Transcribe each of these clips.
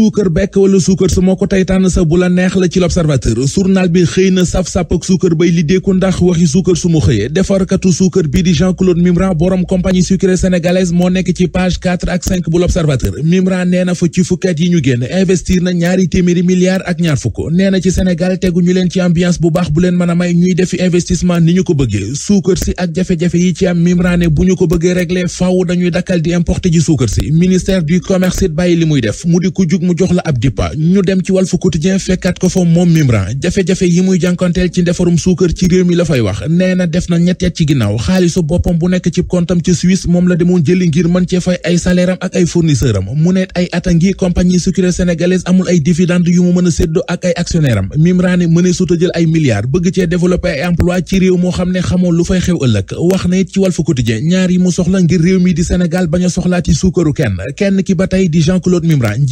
suukar bekk wala suukar su moo ko tey tànn sa bu la neex la ci l'observateur journal bi xëy na saf-sàpp ak suukar bay li ndax waxi suukar su mu xëyee defarkatu suukar bii di Jean Claude Mimran borom compagnie sucrière sénégalaise moo nekk ci page ak bu l'observateur Mimran nee na fa ci fukkat yi ñu génn investir na ñaari téeméeri milliards ak ñaar fukk nee na ci Sénégal tegu ñu leen ci ambiance bu baax bu leen mën a may ñuy defi investissement mu jox la ab dippa ñu dem ci Walf Quotidien fekkaat ko fa moom Mimran jafe-jafe yi muy jànkonteel ci ndefarum suukar ci réew mi la fay wax nee na def na ñetti at ci ginnaaw xaalisu boppam bu nekk ci kontam ci moom la demoon jëli ngir mën cee fay ay salaire am ak ay fournisseur am mu ne ay at a ngi compagnie sucrière sénégalaise amul ay dividende yu mu mën a séddoo ak ay actionnaire am Mimran ne mënee jël ay milliards bëgg cee développer ay emploi ci réew moo xam ne xamoo lu fay xew ëllëg wax na it ci Walf Quotidien ñaar yi mu soxla ngir réew mi di Sénégal bañ ba tey di Jean Claude Mimran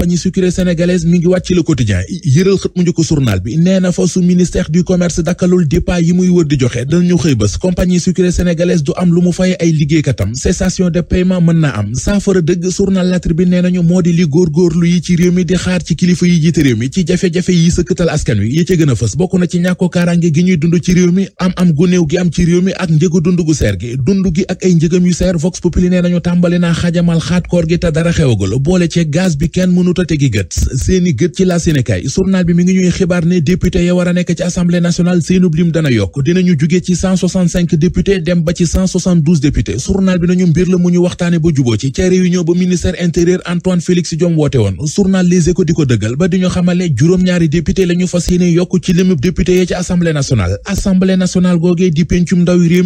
compagnie sucrière sénégalaise mi ngi wàcc ci le quotidien yëral xët mu bi nee na yi muy wër di moo di li góorgóorlu yi ci réew mi di xaar ci kilifa yi jiite réew mi ci jafe-jafe yi sëkkatal askan wi yi ca gën fës bokk na ci ñàkko kaaraange gi ñuy dund ci réew mi am am gu gi am ci réew mi ak njëgu dund gu seer gi dund gi ak ay njëgam yu seer vox populi nee nañu tàmbali naa xajamal xaat koor gi te dara xewagul boole ci gaz bi kenn mënu mënuta seeni gët ci la Sénégal journal bi mi ngi ñuy xibaar ne député ya war a nekk ci assemblée nationale seenub lim dana yokk dinañu jugee ci député dem ba ci député journal bi nañu mbir la mu ñu waxtaane ba juboo ci ca réunion ba ministère intérieur Antoine Félix Diome woote woon journal Les Échos di ko dëggal ba di ñu xamale juróom-ñaari député la ñu fas yokk ci limub député ya ci assemblée nationale assemblée nationale googee di pencum ndawi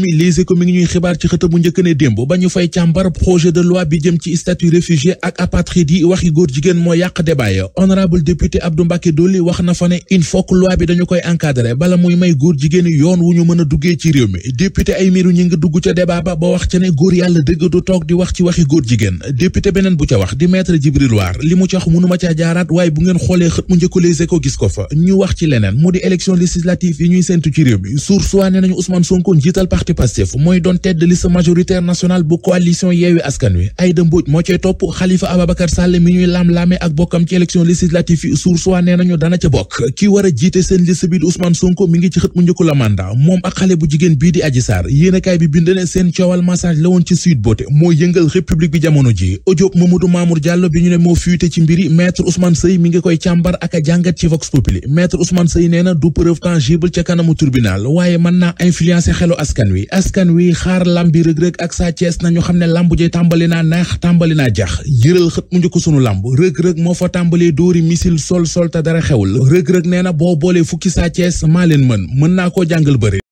a yàq débat ya honorable député Abdou Mbacké Dolly wax na fa ne il faut loi bi dañu koy encadrer bala muy may góor jigéen yoon wu ñu mën duggee ci réew mi député ay miru ñi ngi dugg ca débat ba ba wax ca ne góor yàlla dëgg du toog di wax ci waxi góor jigéen député beneen bu ca wax di maître Djibril War li mu ca wax mënuma caa jaaraat waaye bu ngeen xoolee xët mu njëkk Les Échos gis ko fa ñu wax ci leneen mu di élection législative yi ñuy séntu ci réew ak bokkam ci élection législative yi source waa nee nañu dana ca bokk ki war a jiite seen liste bi di Ousmane Sonko ci xët mu njëkku la mandat moom ak xale bu jigéen bii di Adji yéenekaay bi bind ne seen coowal massage la woon ci Sweet Beauté moo yëngal république bi jamono ji audio Mamadou Mamour Diallo bi ñu ne moo fuité ci mbiri maître Ousmane Seye mi ngi koy càmbar ak a jàngat ci Vox Populi maître Ousmane Seye nee du preuve tangible ca kanamu rëg moo fa tàmbalee dóori misil sol sol te dara xewul rëg-rëg nee na boo boolee fukki sa Cees maa leen mën mën naa koo jàngal bëri